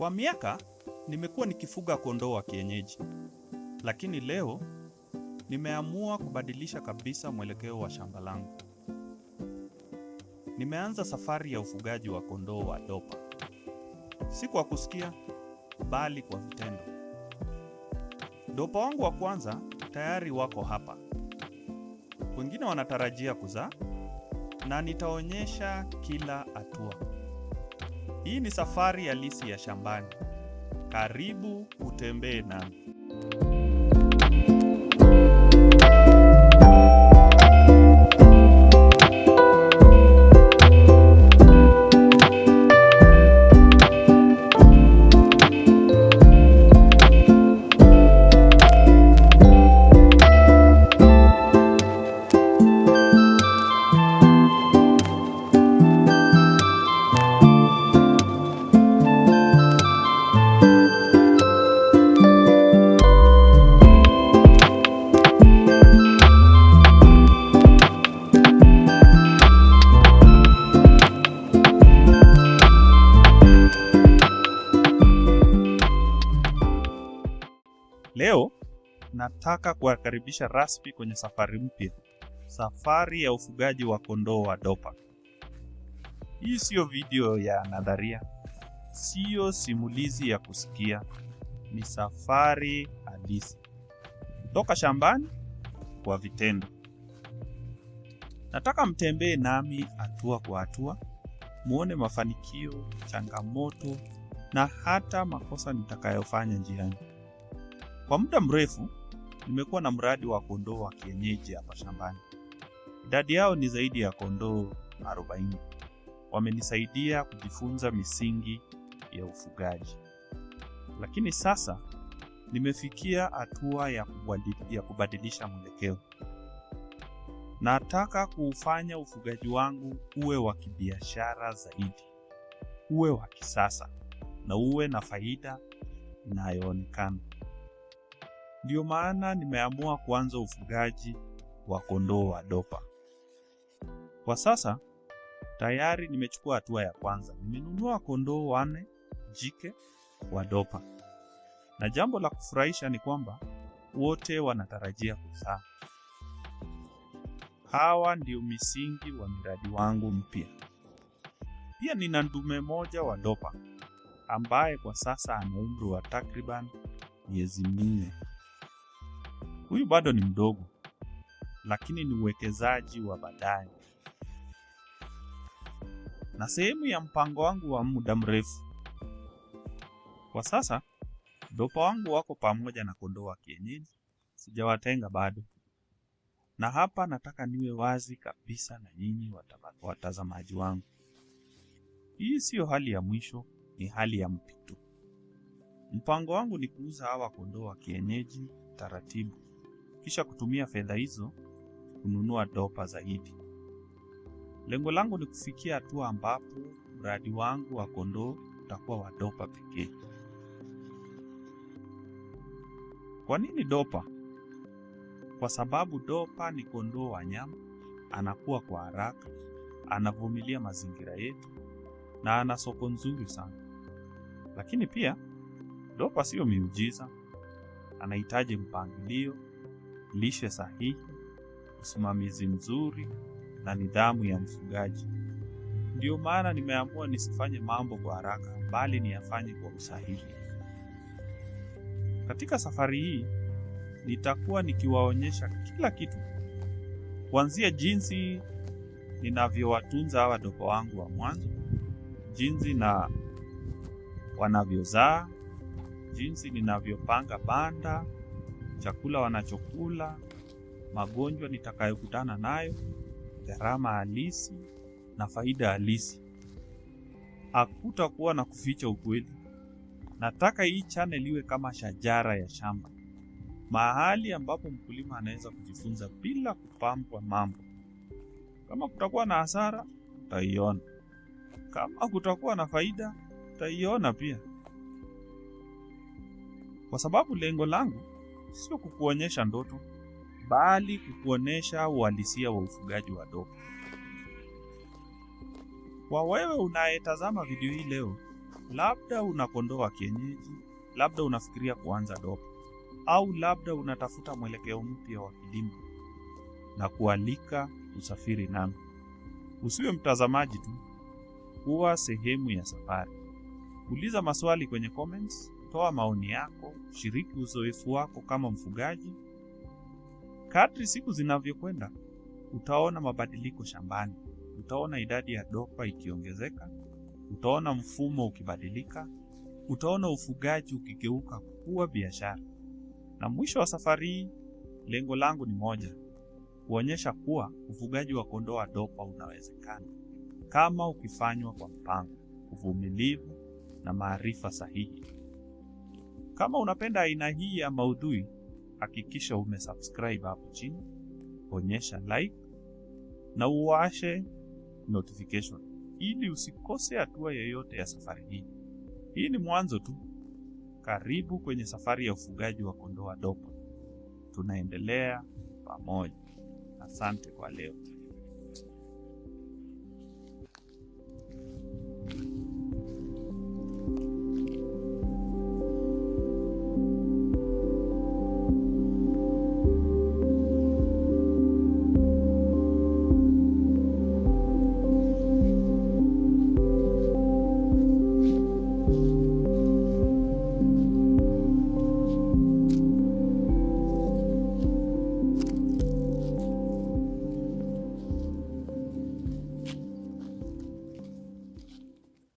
Kwa miaka nimekuwa nikifuga kondoo wa kienyeji, lakini leo nimeamua kubadilisha kabisa mwelekeo wa shamba langu. Nimeanza safari ya ufugaji wa kondoo wa dopa, si kwa kusikia, bali kwa vitendo. Dopa wangu wa kwanza tayari wako hapa, wengine wanatarajia kuzaa, na nitaonyesha kila hatua. Hii ni safari halisi ya shambani. Karibu utembee nami. Leo nataka kuwakaribisha rasmi kwenye safari mpya, safari ya ufugaji wa kondoo wa dopa. Hii siyo video ya nadharia, siyo simulizi ya kusikia, ni safari halisi toka shambani kwa vitendo. Nataka mtembee nami hatua kwa hatua, muone mafanikio, changamoto na hata makosa nitakayofanya njiani. Kwa muda mrefu nimekuwa na mradi wa kondoo wa kienyeji hapa shambani. Idadi yao ni zaidi ya kondoo 40. Wamenisaidia kujifunza misingi ya ufugaji, lakini sasa nimefikia hatua ya, ya kubadilisha mwelekeo. Nataka kuufanya ufugaji wangu uwe wa kibiashara zaidi, uwe wa kisasa na uwe na faida inayoonekana. Ndio maana nimeamua kuanza ufugaji wa kondoo wa dopa. Kwa sasa tayari nimechukua hatua ya kwanza. Nimenunua kondoo wanne jike wa dopa, na jambo la kufurahisha ni kwamba wote wanatarajia kuzaa. Hawa ndio misingi wa miradi wangu mpya. Pia nina ndume moja wa dopa ambaye kwa sasa ana umri wa takriban miezi minne. Huyu bado ni mdogo, lakini ni uwekezaji wa baadaye na sehemu ya mpango wangu wa muda mrefu. Kwa sasa dopa wangu wako pamoja na kondoo wa kienyeji, sijawatenga bado, na hapa nataka niwe wazi kabisa na nyinyi watazamaji wangu, hii siyo hali ya mwisho, ni hali ya mpito. Mpango wangu ni kuuza hawa kondoo wa kienyeji taratibu, kisha kutumia fedha hizo kununua dopa zaidi. Lengo langu ni kufikia hatua ambapo mradi wangu wa kondoo utakuwa wa dopa pekee. Kwa nini dopa? Kwa sababu dopa ni kondoo wa nyama, anakuwa kwa haraka, anavumilia mazingira yetu na ana soko nzuri sana. Lakini pia dopa siyo miujiza, anahitaji mpangilio lishe sahihi, usimamizi mzuri na nidhamu ya mfugaji. ndio maana nimeamua nisifanye mambo kwa haraka, bali niyafanye kwa usahihi. Katika safari hii nitakuwa nikiwaonyesha kila kitu, kuanzia jinsi ninavyowatunza hawa dogo wangu wa mwanzo, jinsi na wanavyozaa, jinsi ninavyopanga banda chakula wanachokula, magonjwa nitakayokutana nayo, gharama halisi na faida halisi. Hakutakuwa na kuficha ukweli. Nataka hii channel iwe kama shajara ya shamba, mahali ambapo mkulima anaweza kujifunza bila kupambwa mambo. Kama kutakuwa na hasara, utaiona. Kama kutakuwa na faida, utaiona pia, kwa sababu lengo langu sio kukuonyesha ndoto, bali kukuonyesha uhalisia wa ufugaji wa dopa Kwa wewe unayetazama video hii leo, labda una kondoo wa kienyeji, labda unafikiria kuanza dopa au labda unatafuta mwelekeo mpya wa kilimo, na kualika usafiri nami. Usiwe mtazamaji tu, kuwa sehemu ya safari uliza maswali kwenye comments, toa maoni yako, shiriki uzoefu wako kama mfugaji. Kadri siku zinavyokwenda, utaona mabadiliko shambani, utaona idadi ya dopa ikiongezeka, utaona mfumo ukibadilika, utaona ufugaji ukigeuka kuwa biashara. Na mwisho wa safari hii, lengo langu ni moja, kuonyesha kuwa ufugaji wa kondoo wa dopa unawezekana kama ukifanywa kwa mpango, uvumilivu na maarifa sahihi. Kama unapenda aina hii ya maudhui, hakikisha umesubscribe hapo chini, bonyesha like na uwashe notification ili usikose hatua yoyote ya safari hii. Hii ni mwanzo tu. Karibu kwenye safari ya ufugaji wa kondoo wadogo. Tunaendelea pamoja. Asante kwa leo.